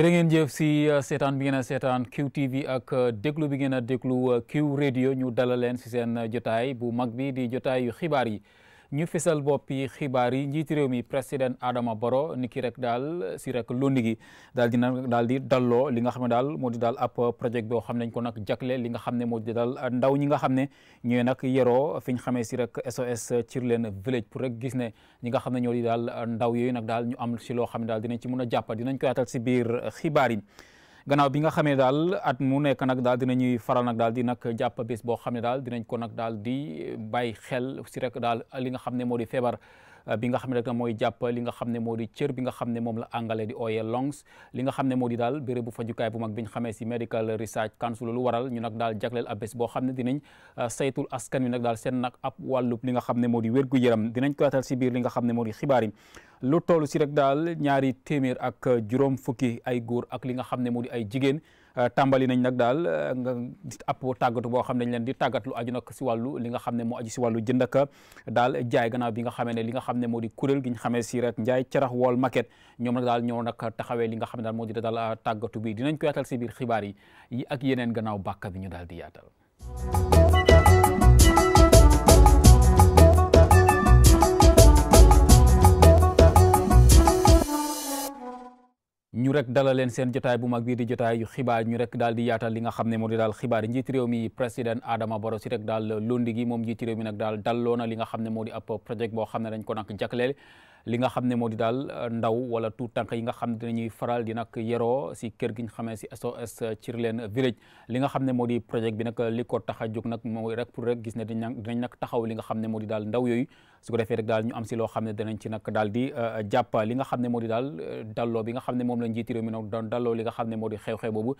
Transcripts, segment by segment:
jërë ngeen jëf si uh, seetaan bi ngeen a seetaan QTV ak uh, déglu bi ngeen a déglu uh, Q radio ñu dalal leen si seen jotaay bu mag bi di jotaayu yu xibaar yi. ñu fisal boppi xibaar yi njiiti réew mi président Adama Barrow ni ki rek daal si rek lundi gi daal dina daal di dalloo li nga xam ne daal moo di daal ab projet boo xam nañ ko nag jagle li nga xam ne moo di daal ndaw ñi nga xam ne ñooy nag yeroo fi ñu xamee si rek SOS Children's Village pour rek gis ne ñi nga xam ne ñoo di daal ndaw yooyu nag daal ñu am si loo xam ne daal dinañ ci mën a jàppa dinañ ko yaatal si biir xibaar yi gannaaw bi nga xamee daal at mu nekk nag daal dinañuy faral nag daal di nag jàpp bés boo xam ne daal dinañ ko nag daal di bàyyi xel si rek daal li nga xam ne moo di feebar bi nga xam ne rek mooy jàpp li nga xam ne moo di cër bi nga xam ne moom la anglais di ooyee li nga xam ne moo di daal béréb bu fajukaay bu mag bi ñu xamee si Medical Research Council lu waral ñu nag daal jagleel ab bés boo xam ne dinañ euh, saytul askan wi nag daal seen nag ab wàllub li nga xam ne moo di wérgu yaram dinañ ko atal si biir li nga xam ne moo di lu toll si rek daal ñaari téeméer ak juróom fukki ay góor ak li nga xam ne moo di ay jigéen Euh, tàmbali nañ nag daal euh, nga ab tàggatu boo xam ne dañ leen di tàggat lu aju nag si wàllu li nga xam ne moo aju si wàllu jënd ak daal jaay gannaaw bi nga xamee ne li nga xam ne moo di kuréel gi ñu xamee si rek njaay carax wol maquette ñoom nag daal ñoo nag taxawee li nga xam ne daal moo di daal tàggatu bi dinañ ko yaatal si biir xibaar yi ak yeneen gannaaw bàkka bi ñu daal di yaatal ñu rek dalal leen seen jotaay bu mag bii di jotaay yu xibaar rek daal di yaatal li nga xam ne moo di daal xibaar njiiti réew mi président Adama Barrow rek daal lundi gi moom njiiti réew mi nag daal dalloona li nga xam ne moo di ab projet xam ne dañ ko nag jagleel li nga xam ne moo di daal ndaw wala tout tànk yi nga xam ne dinañuy faral di nag yeroo si kër gi ñu xamee si SOS Children Village li nga xam ne moo di projet bi nag li ko tax jóg nag mooy rek pour rek gis ne dinañ nag taxaw li nga xam ne di daal ndaw yooyu su defee rek daal ñu am si xam ne danañ ci nag daal di jàpp li nga xam ne di daal dalloo bi nga xam moom la njiiti réew mi nag doon dalloo li xam ne moo di xew-xew boobu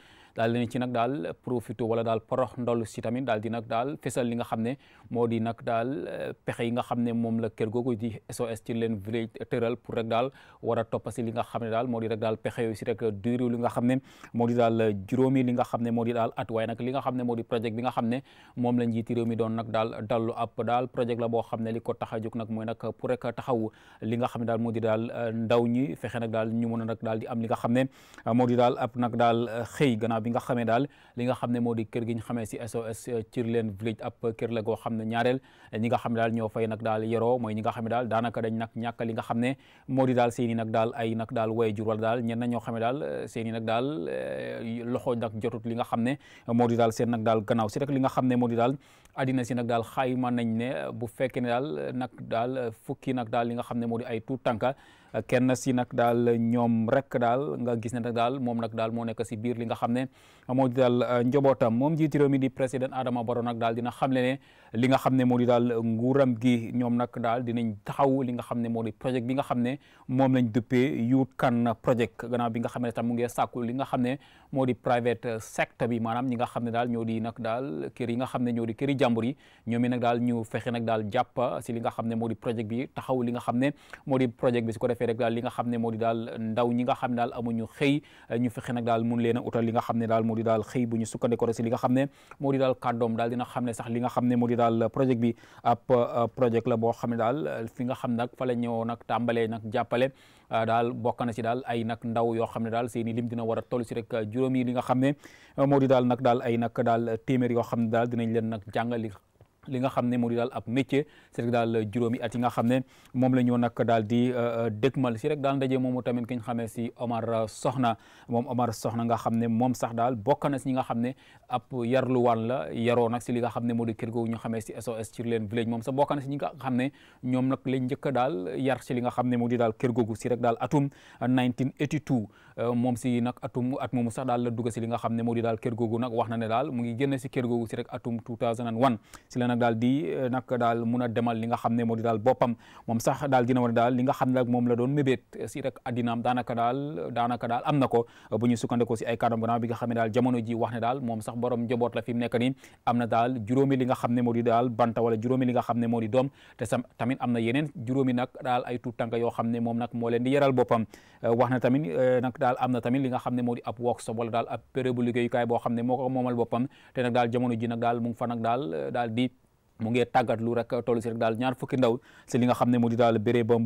ci nag daal profité wala daal porox ndol si tamit daal di nag daal fesal li nga xam ne moo di nag daal pexe yi nga xam ne moom la kër googu di SOS Children Village tëral pour rek daal war a topp si li nga xam ne daal moo di rek daal pexe yooyu xam ne moo daal at waaye nag li xam ne moo daal dallu la boo xam ne li ko tax a xam ne daal moo daal ndaw ñi fexe nag daal ñu mën a daal di am li xam ne moo di xam ne si SOS Children Village ab kër la xam ne ñaareel ñi xam ne daal ñoo fay nga xam ne moo di daal seen i nag daal ay nag daal way jur wala daal ñenn ñoo xam ne daal eh, seen i nag daal eh, loxo nag jotut li nga xam ne moo daal seen nag daal gannaaw si rek li nga xam ne moo di daal àddina si nag daal xayma nañ ne bu fekkee ne daal nag daal fukki nag daal li nga xam ne moo di ay tuut tànka kenn si nag daal ñoom rek daal nga gis ne nag daal moom nag daal moo nekk si biir li nga xam ne moo di daal uh, njobootam moom jiitu réew mi di président Adama Barrow nag daal dina xamle ne li nga xam ne moo di daal nguuram gi ñoom nag daal dinañ taxaw li nga xam ne moo di projet bi nga xam ne moom lañ duppee Youth Can Project gannaaw bi nga xam ne tam mu ngi sàkku li nga xam ne moo di private sector bi maanaam ñi nga xam ne daal ñoo di nag daal kër yi nga xam ne ñoo di këri jàmm jàmbur yi ñoom i nag daal ñu fexe nag daal jàpp si li nga xam ne moo di projet bi taxaw li daal ndaw ñi xam ne daal amuñu xëy ñu fexe nag daal mun leen a utal li xam ne daal moo daal xëy bi ab projet la boo xam ne daal fi nga xam nag fa la ñëw nag tàmbalee nag jàppale daal bokk si daal ay nag ndaw yoo xam ne daal seeni lim a xam ne daal nag daal leen nag jàng nga lire li nga xam ne moo di daal ab métier juróomi at yi nga xam ne moom la ñu nag daal di euh, euh, mal si rek daal ndaje moom tamit ki ñu xamee si Omar Soxna moom Omar Soxna nga xam ne moom sax daal bokk na si ñi nga xam ne ab yarluwaan la yaroo nag si li nga xam ne moo di kër googu ñu xamee si SOS Children moom sax bokk na si xam ne ñoom nag lañ njëkk a li nga xam ne moo di daal kër googu si rek daal atum 1982 euh, moom si nag atum at moomu sax daal la dugg si li nga xam ne moo di daal kër googu nag wax na ne daal mu ngi génn si kër googu si rek atum 2001 nag daal di eh, nag daal mun a demal li nga xam ne moo di daal boppam moom sax daal dina war a daal li nga xam ne nag moom la doon mébét si rek addinaam daanaka daal daanaka na ko la fi mu nekk na daal juróomi li nga xam ne moo boo xam ne moo ko moomal fa nag daal eh, daal di mu ngee tàggat lu rek toll si rek daal ñaar fukki ndaw si li nga xam ne moo di daal béré ba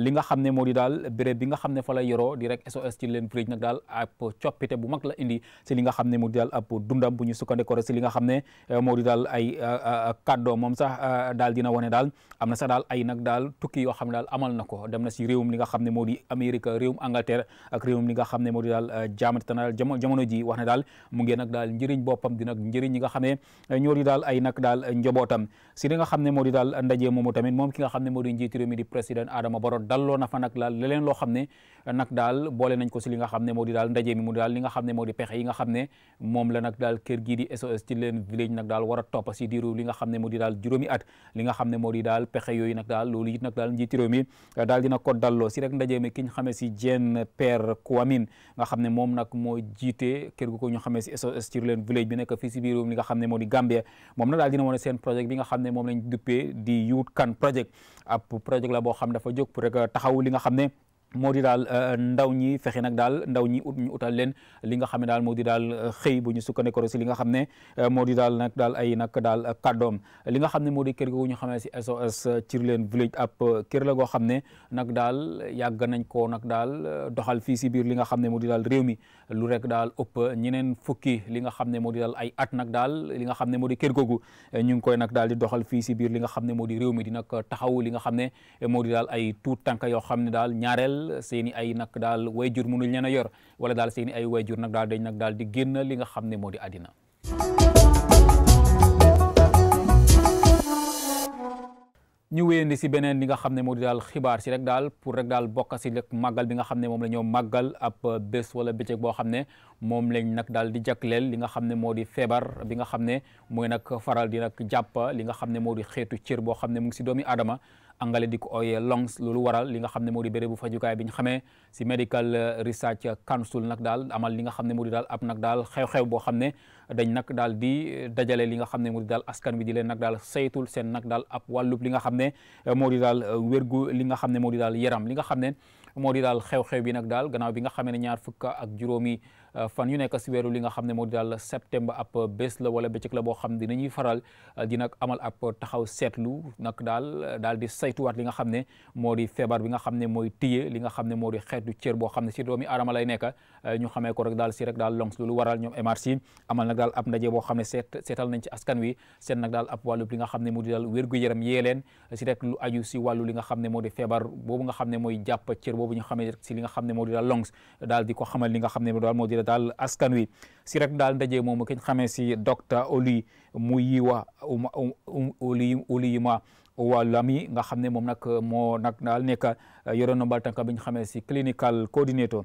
li nga xam ne moo di daal béré bi nga xam ne fa la yoroo di rek SOS ci leen bridge nag daal ab coppite bu mag la indi si li xam ne moo di daal ab dundam bu eh, ay eh, eh, kàddoo moom sax daal dina wane daal am na sax daal ay nag daal tukki yoo xam ne daal amal na ko dem na si réewum li nga xam ne moo di Amérique réewum Angleterre ak réewum li nga xam ne moo di daal jaamate na jamono ji wax ne daal mu ngee nag daal njëriñ boppam di nag njëriñ ñi nga xam ne daal daal njobootam si li nga xam ne moo di daal ndaje moomu tamit moom ki nga xam ne moo di njiitu réew mi di président Adama Barrow dalloo na fa nag laal leneen loo xam ne nag daal boole nañ ko si li nga xam ne moo di daal ndaje mi mu daal li nga ne moo di daal kër gii di daal war a topp si diiru li nga xam ne moo di daal juróomi at xam ne dina ko dalloo si rek ndaje mi ki ñu xamee si Jean Pierre Kwame nga xam ne moom nag moo jiite kër gu ko ñu xamee si SOS Children's Village bi nekk fii si biir réew mi nga xam ne moo di nga mën seen projet bi nga xam ne moom lañ duppee di youth kan project ab projet la boo xam dafa jóg pour rek euh, taxaw li nga xam ne moo di daal ndaw ñi fexe nag daal ndaw ñi ut ñu utal leen li nga xam ne daal moo di daal xëy bu ñu sukkandikoo si li nga xam ne moo di daal nag daal ay nag daal kàddoom li nga xam ne moo di kër googu ñu xamee si SOS Children Village ab kër la goo xam ne nag daal yàgg nañ koo nag daal doxal fii si biir li nga xam ne moo di daal réew mi lu rek daal ëpp ñeneen fukki li nga xam ne moo di daal ay at nag daal li nga xam ne moo di kër googu ñu ngi koy nag daal di doxal fii si biir li nga xam ne moo di réew mi di nag taxaw li nga xam ne moo daal ay tuut tànk yoo xam ne daal ñaareel daal seen ay nag daal way jur mënul ñen a yor wala daal seen i ay wayjur nag daal dañ nag daal di génn li nga xam ne moo di àddina ñu di si beneen li nga xam ne moo di daal xibaar si rek daal pour rek daal bokk si rek màggal bi nga xam ne moom la ñoo màggal ab bés wala bëccëg boo xam ne moom lañ nag daal di jakkleel li nga xam ne moo di feebar bi nga xam ne mooy nag faral di nag jàpp li nga xam ne moo di xeetu ciir boo xam ne mu ngi si doomi aadama angale di ko ooyee longs loolu waral li nga xam ne moo di bérébu fajukaay bi ñu xamee si medical research council nag daal amal li nga xam ne moo daal ab nag daal xew-xew boo xam ne dañ nag daal di dajale li nga xam ne di daal askan wi di leen nag daal saytul seen nag daal ab wàllub li nga xam ne moo di daal wérgu li nga xam ne moo di daal yaram li nga xam ne moo di daal xew-xew bi nag daal gannaaw bi nga xamee ne ñaar fukk ak juróomi fan yu nekk si weeru li nga xam ne moo di daal septembre ab bés la wala bëccëg la daal daal di saytuwaat li nga xam ne moo di feebar bi nga xam ne mooy téye li nga xam ne moo di xeetu cër boo xam ne si doomi aadama lay nekk ñu xamee ko rek daal si daal longs loolu waral ñoom MRC amal nag daal ab ndaje boo xam seet seetal nañ ci wi seet nag daal ab wàllu xam ne moo di daal wér-gu-yaram yee leen si rek lu aju si li nga xam ne moo di feebar boobu nga xam ne mooy jàpp cër boobu ñu li nga xam ne moo di daal longs daal di ko xamal li nga xam ne daal moo di dimbale daal askan wi si rek daal ndaje moomu ki xamee si yi wa Muyiwa Oli Oliyima Walami nga xam ne moom nag moo nag daal nekk yoroon na mbal tànk bi ñu xamee si clinical coordinator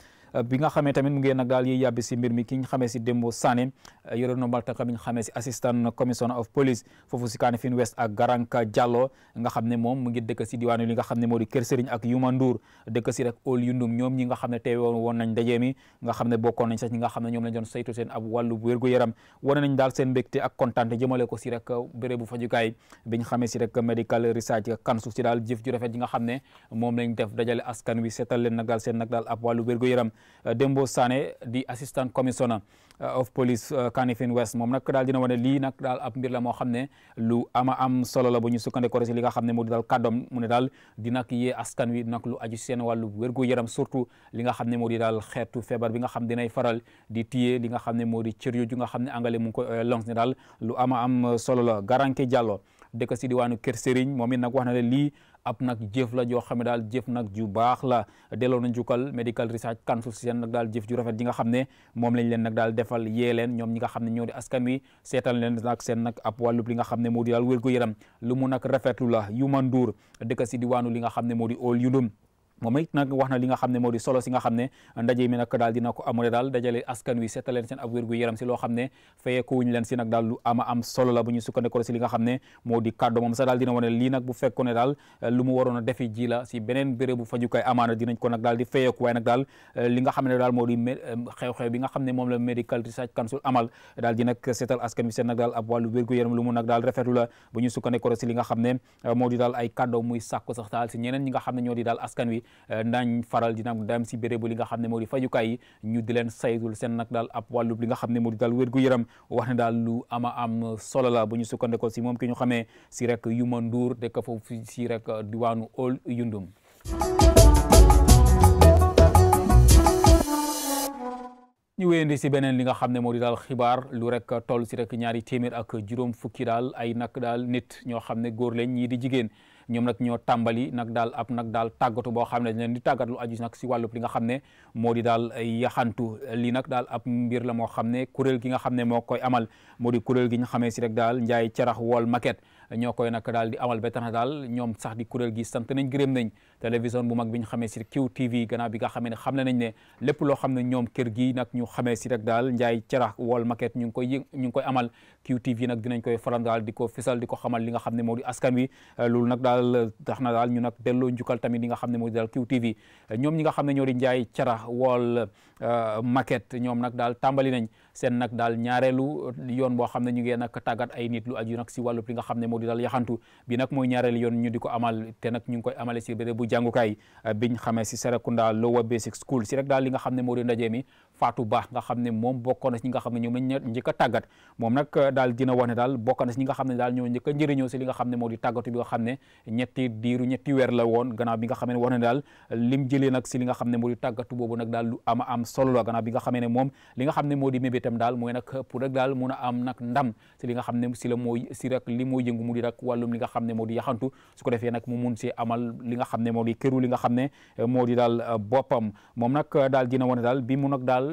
bi nga xamee tamit mu ngeen nag daal yiy yàbbi si mbir mi ki nga xamee si Dembo Sané yore nombal tànk bi nga xamee si assistant commissioner of police foofu si Kanifing West a Garanka Jallow nga xam moom mu ngi dëkk si diwaanu li nga xam ne moo di Kër Sëriñ ak Yuma Ndour dëkk si rek ñoom ñi nga xam ne teewoon woon nañ ndaje mi nga xam ne bokkoon nañ nga xam ne ñoom lañ doon saytu seen ab wàllu wér-gu-yaram wane nañ daal seen mbégte ak kontaante jëmale ko si rek bérébu fajukaay bi nga xamee si rek medical research kansu si daal jëf ju rafet yi nga xam ne moom lañ def dajale askan wi seetal leen daal seen nag daal ab wàllu wér yaram Euh, Dembo Sané di assistant commissioner euh, of police euh, Kanifing West moom nag daal dina wane lii nag daal ab mbir moo xam ne lu ama am solo la bu ñu sukkandikoo si li nga xam ne moo daal kàddoom mu ne daal di nag yee askan wi nag lu aju seen wallu wérgu yaram surtout li nga xam ne moo di daal xeetu feebar bi nga xam dinay faral di téye li nga xam ne moo di cër yu nga xam ne angale mu ngi longs ne daal lu ama am solo la Garanke Diallo dëkk si diwaanu Kër Serigne moom wax ab nag jëf la joo xam ne daal jëf nag ju baax la delloo na njukkal Medical Research Council si seen nag daal jëf ju rafet ji nga xam ne moom lañ leen nag daal defal yee ñoom ñi nga xam ne ñoo di askan wi seetal leen nak seen nag ab wàllub li nga xam ne moo di daal wér gu yaram lu mu nag rafetlu la Youman Ndour dëkk si diwaanu li nga xam ne moo di Old Yundum moom it nag wax na li nga xam ne moo di si nga xam ne ndaje mi nag daal dina ko amule daal dajale askan wi seetal leen seen ab wér gu yaram loo xam ne fayeeku leen si nag daal lu ama am la bu ñu sukkandikoo si li nga xam ne moo di kàddu moom sax daal dina wane lii nag bu fekkoon ne daal lu mu waroon a la si beneen bérébu fajukaay amaana dinañ ko nag daal di fayeeku waaye nag daal li nga xam ne daal moo di xew-xew bi nga xam ne moom la Medical Research Council amal daal di nag seetal askan wi seen nag daal ab wàllu wér yaram lu mu nag daal rafetlu la bu ñu sukkandikoo si li nga xam ne moo di daal ay kàddu muy sàkku sax daal si ñeneen ñi nga xam ne ñoo di daal askan wi daañ euh, faral dina nag dem si bérébu li nga xam ne moo di fajukaay yi ñu di leen saytul seen nag daal ab wàllu li nga xam ne moo di daal wér-gu-yaram wax ne daal lu ama am solo bu ñu sukkandikoo si moom ki ñu xamee si rek Yuma Ndour dëkk foofu si rek diwaanu Old Yundum ñu wéyandi si beneen li nga xam ne moo di daal xibaar lu rek toll si rek ñaari téeméer ak juróom fukki daal ay nag daal nit ñoo xam ne góor lañ ñii di jigéen ñoom nag ñoo tàmbali nag daal ab nag daal tàggatu boo xam ne leen di tàggat lu aju nag si wàllub li nga xam ne moo di daal yaxantu li nag daal ab mbir la moo xam ne kuréel gi nga xam ne moo koy amal moo di kuréel gi ñu xamee si rek daal njaay carax wol maquette ñoo koy nag daal di amal ba tax daal ñoom sax di kuréel gi sant nañ gërëm nañ télévision bu mag bi ñu xamee si QTV gannaaw bi nga ne xam le nañ ne lépp loo xam ne ñoom kër gi nag ñu xamee si rek daal njaay carax wall market ñu ngi koy ñu ngi koy amal QTV nag dinañ koy faral daal di ko fisal di ko xamal li nga xam ne moo di askan wi euh, loolu nag daal na daal ñu nag delloo njukkal tamit li nga xam ne moo di daal QTV euh, ñoom ñi nga xam ne ñoo di njaay carax wall market ñoom nag daal tàmbali nañ seen nag daal ñaareelu yoon boo xam ne ñu ngee nag tàggat ay nit lu aju nag si wàllu li nga xam ne moo di daal yaxantu bi nag mooy ñaareelu yoon ñu di ko amal te ñu ngi koy amale si béré bu jàngukaay biñ xamee si Serekunda Lower Basic School si rek daal li nga xam ne moo mi Fatou Ba nga xam moom bokkoon na si ñi nga a moom nag daal dina wax daal bokkoon si ñi nga daal ñoo njëkk a si li nga xam ne moo boobu nag daal am solo la gannaaw bi nga ne moom li nga xam ne moo di daal mooy nag a am nag ndam si li nga xam si rek li mooy mu di rek wàllum li nga xam ne yaxantu su ko defee nag mu mun si moo di li nga xam ne euh, moo di daal euh, boppam moom nag euh, daal dina wane daal bi mu nag daal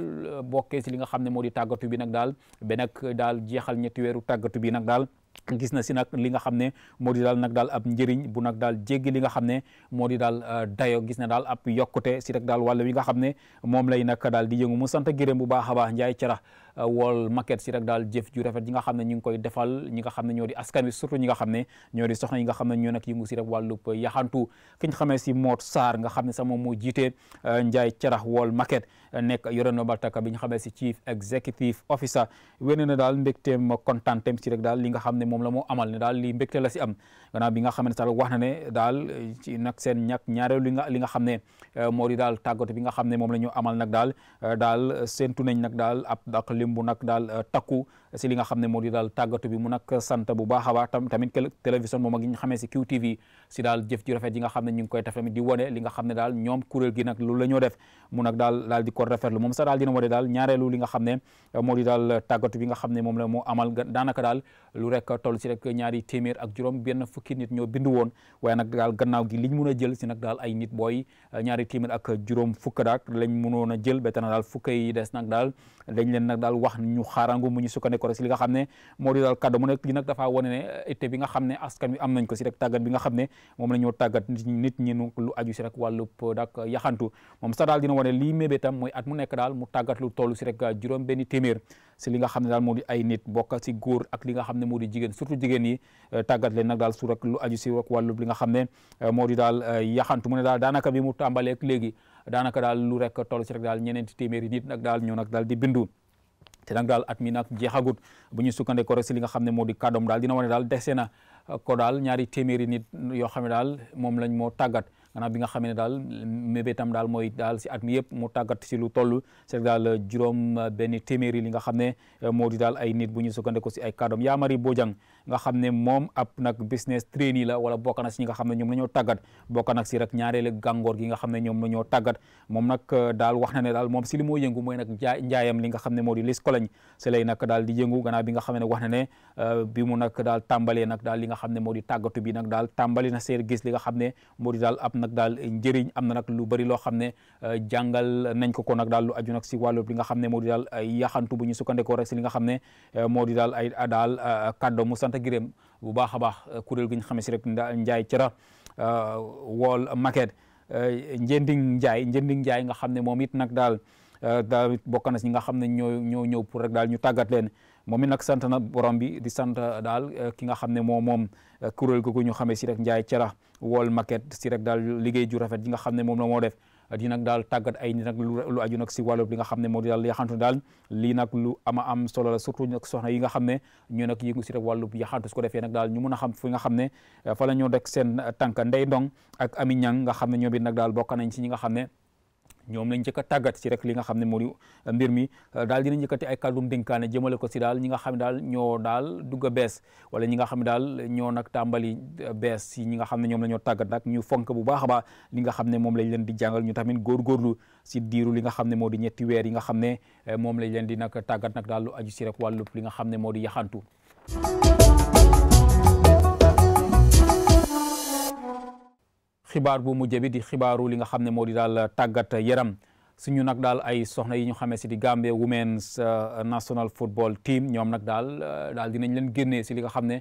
bokkee si li nga xam ne moo di tàggatu bi nag daal ba nag daal jeexal ñetti weeru tàggatu bi nag daal gis na si nag li nga xam ne moo di daal nag daal ab njëriñ bu nag daal jéggi li nga xam ne moo di daal euh, dayo gis na daal ab yokkute si rek daal wàll wi nga xam moom lay nag daal di yëngu mu sant gërëm bu baax a baax Njaay Carax euh, wol maquette si rek daal jëf ju rafet yi nga xam ne ñu ngi koy defal ñi xam ne ñoo di askan wi surtout ñi nga xam ne ñoo di soxna xam ne ñoo nag yëngu si rek wàllub yaxantu ki ñu xam ne sax moom moo jiitee euh, Njaay Carax wol maquette nekk yore no baltaka bi xamee si chief executive officer wéne na daal mbégteem kontaanteem si rek daal li nga xam ne moom la moo amal ne daal li mbégte la si am gannaaw bi nga xam ne sax wax na ne daal ci nag seen ñàkk ñaareelu li nga li nga xam ne euh, moo di daal tàggatu bi nga xam ne moom la ñu amal nag daal euh, daal séntu nañ nag daal ab dak limbu nag daal euh, takku si li nga xam ne moo di daal tàggatu bi mu nag sant bu baax a baax tam tamit télévision moom ak ñu xamee si QTV si daal jëf ji rafet yi nga xam ne ñu ngi koy def tamit di wone li nga xam ne daal ñoom kuréel gi nag la ñoo def mu nag daal daal di ko rafetlu moom sax daal dina wone la moo amal daanaka daal lu a jël si nag daal ay a des nag daal dañ leen nag daal wax ñu xaarangu mu ñu sukkandiku décoré si li nga xam ne moo di daal kaddu mu nekk li nag dafaa wane ne itte bi nga xam ne askan wi am nañ ko si rek tàggat bi nga xam ne moom la tàggat nit ñi lu aju si rek wàllub dak yaxantu moom sax daal dina wane lii mébétam mooy at mu nekk daal mu tàggat lu toll si rek juróom benn téeméer si li nga xam ne daal moo di ay nit bokk si góor ak li nga xam ne moo di jigéen surtout jigéen yi eh, tàggat leen nag daal aju si rek wàllub li nga xam ne eh, moo di daal eh, yaxantu mu ne daal daanaka bi mu tàmbaleek léegi daanaka daal lu rek toll si rek daal ti téeméeri nit nag daal ñoo nag daal di bindu te daal at mi nag jeexagut bu ñu sukkandekoo rek si li nga xam ne moo di kàddoom daal dina wane daal dese na uh, ko daal ñaari téeméeri nit yoo xam ne daal moom lañ moo tàggat gannaaw bi nga xam ne daal mébétam daal mooy daal si at mi yëpp mu tàggat si lu toll c'est daal juróom uh, benn téeméeri li nga xam ne uh, moo di daal ay nit bu ñu sukkandekoo si ay kàddoom Yaamari Bojang nga xam ne moom ab nag business trainee la wala bokk na si ñi nga xam ne ñoom la ñoo tàggat bokk nag si rek ñaareelu gàngoor gi nga xam ne ñoom la ñoo tàggat moom nag euh, daal wax na daal moom si li moo yëngu mooy nag jaa li nga xam ne moo di lis koloñ si daal di nga xam ne wax na ne euh, bi mu nag daal tàmbalee nag daal li nga xam ne moo xam ne moo di am na lu bëri loo xam ne euh, jàngal nañ ko ko nag daal lu aju nag si wàllu li nga xam ne moo di daal yaxantu bu ñu sukkandekoo rek si li nga xam ne moo di daal ay daal kaddo mu canta gërëm bu baax a baax euh, kuréel gi ñu xamee si rek Njaay Cira euh, Wall Market euh, Njending Njaay Njending Njaay nga xam ne moom it nag daal daal bokk na si nga xam ne ñoo ñoo ñëw pour rek daal ñu tàggat leen moom it nag sant na borom bi di sant daal ki nga xam ne moom moom kuréel googu ñu xamee si rek Njaay Cira Wall Market si rek daal liggéey ju rafet yi nga xam ne moom la moo di nag daal tàggat ay nit nag lu aju si wàllub li nga xam ne moo di daal yaxantu daal lii nag lu ama am solo la surtout nag soxna yi nga xam ne ñoo nag yëngu si rek wàllub yaxantu su ko defee nag daal ñu mun a xam fi nga xam ne eh, fa la ñoo dek seen tànk ndey ndong ak ami ñang nga xam ne ñoom it nag daal bokk nañ si ñi nga xam ne ñoom lañ njëkk a tàggat ci rek li nga xam ne moo di euh, mbir mi euh, daal dinañ njëkkati ay kàddum dénkaane jëmale ko si daal ñi nga xam ne daal ñoo daal dugg bees wala ñi nga xam ne daal ñoo nag tàmbali euh, bees si ñi nga xam ne ñoom la ñoo tàggat nag ñu fonk bu baax a baax li nga xam ne moom lañ leen di jàngal ñu tamit góorgóorlu si diiru li nga xam ne moo di ñetti weer yi nga xam ne moom lañ leen di nag tàggat nag daal lu aju si rek wàllu li nga xam ne moo di yaxantu xibaar bu mu bi di xibaaru li nga xam ne moo di daal tàggat yaram suñu nag daal ay soxna yi ñu xamee si di Gambia Women's uh, National Football Team ñoom nag daal uh, daal dinañ leen génnee si li nga xam ne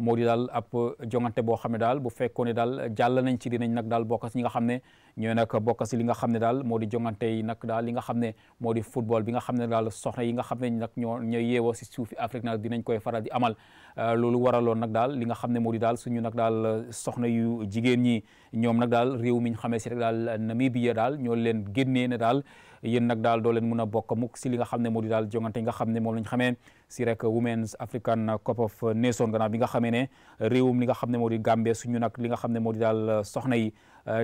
moo di daal ab jongante boo xam ne daal bu fekkoon ne daal jàll nañ ci dinañ nag daal bokk si ñi nga xam ne ñooy nag bokk si li nga xam ne daal moo di jongante yi daal li nga xam ne moo di football bi nga xam ne daal soxna yi nga xam ne nag ñoo ñooy yeewoo si suufi Afrique nag dinañ koy faral di amal euh, loolu waraloon nag daal li nga xam ne moo di daal suñu nag daal soxna yu jigéen ñi ñoom nag daal réew mi ñu xamee si rek daal Namibia daal ñoo leen génnee ne daal yéen nag daal doole leen mun a bokk mukk si li nga xam ne moo di daal jongante yi nga xam ne moom lañ xamee si rek Women's African Cup of Nations gannaaw bi nga xamee ne réewum li nga xam ne moo di Gambie suñu nag li nga xam ne moo di daal soxna yi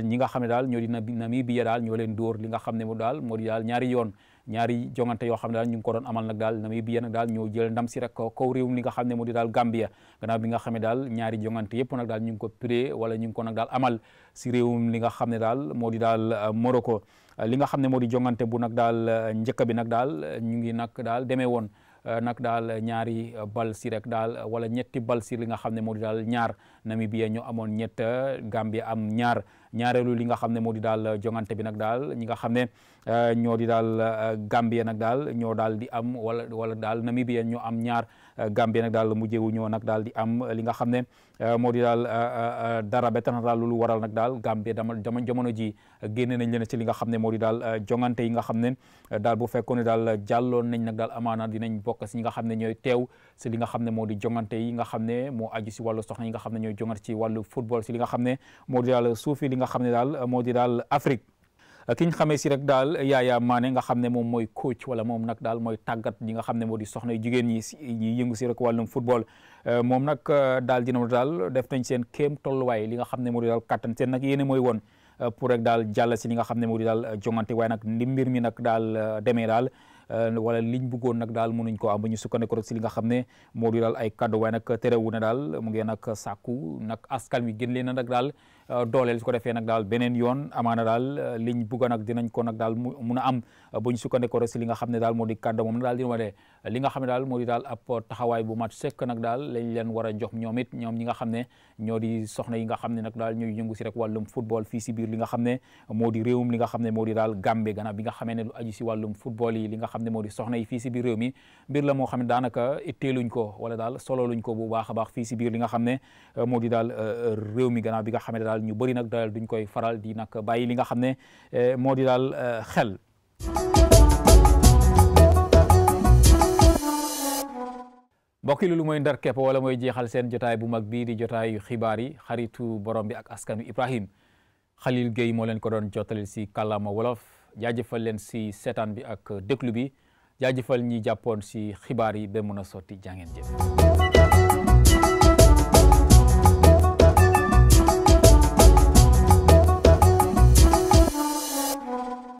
ñi nga xam ne daal ñoo di Namibia daal ñoo leen dóor li nga xam ne moo daal moo di daal ñaari yoon ñaari jongante yoo xam ne daal ñu ngi ko doon amal nag daal Namibia nag daal ñoo jël ndam si rek kaw réewum xam ne moo di daal Gambia gannaaw bi nga xam ne daal ñaari jongante yëpp nag daal ñu ngi ko pré wala ñu ngi ko nag daal amal si réewum li nga xam ne daal moo di daal euh, Morocco li nga xam ne moo di jongante bu nag daal euh, njëkk bi nag daal euh, ñu ngi nag daal demee woon Euh, nag daal ñaari bal si rek daal euh, wala ñetti bal si li nga xam ne moo di daal ñaar Namibia ñu amoon ñett Gambia am ñaar ñaareelu li nga xam ne moo di daal jongante bi nag daal ñi nga xam ne euh, ñoo di daal Gambia nag daal ñoo daal di am wala wala daal Namibia ñoo am ñaar. Euh, Gambie nag daal mujjee wu ñëw nag daal di am euh, li nga xam ne euh, moo di daal dara ba tax na daal loolu waral nag daal Gambie dama jamono ji génne nañ leen ci li nga xam ne moo di daal jongante yi nga xam ne daal bu fekkoon ne daal jàlloon nañ nag daal amaana dinañ bokk si ñi nga xam ne ñooy teew si li nga xam ne moo di jongante yi nga xam ne moo aju si wàllu soxna yi nga xam ne ñooy jongante ci wàllu football si li nga xam ne moo di daal suufi li nga xam ne daal moo di daal Afrique ki ñu xamee si rek daal Yaya Mané nga xam ne moom mooy coach wala moom nag daal mooy tàggat ñi nga xam ne moo di soxna jigéen ñi si ñi yëngu si rek wàllum football euh, moom nag euh, daal dina daal def nañ seen kéem tolluwaay li nga xam ne moo di daal kattan seen nag yéene mooy woon euh, pour rek daal jàll si li nga xam ne moo di daal jongante waaye nag li mi nag daal demee daal wala liñ bëggoon nag daal mënuñ ko am ba ñu sukkandiku rek si li nga xam ne moo di daal ay kaddu waaye nag na daal mu ngi nag sàkku nag askan wi gën leen nag daal Euh, dooleel su ko defee nag daal beneen yoon amaana daal euh, liñ bugga nag dinañ ko nag daal mu mun a am euh, buñ sukkandikoo si li nga xam ne daal moo di kàddu moom daal dina wane li nga xam ne daal moo lañ leen war a jox ñoom it ñoom ñi nga xam ne ñoo di soxna yi nga xam ne nag daal ñuy yëngu si rek wàllum football fii si biir li nga xam ne moo di réewum nga xam ne moo di daal Gambie gannaaw bi nga xamee ne lu aju si wàllum football nga xam ne moo di soxna yi fii si biir réew mi mbir la moo xam ne daanaka itteeluñ ko wala sololuñ ko bu baax a baax fii si biir li nga xam ne moo di daal réew mi gannaaw bi nga xam ne daal ñu bari nag daal duñ koy faral di nag bàyyi li nga xam ne eh, moo di daal eh, xel. mbokk yi loolu mooy ndar kepp wala mooy jeexal seen jotaay bu mag bii di jotaayu xibaar yi xaritu borom bi ak askan askanu Ibrahim Khalil Gueye moo leen ko doon jottali si kàllaama wolof jaajëfal leen si seetaan bi ak déglu bi jaajëfal ñi jàppoon si xibaar yi ba mun a sotti jàngeen jëf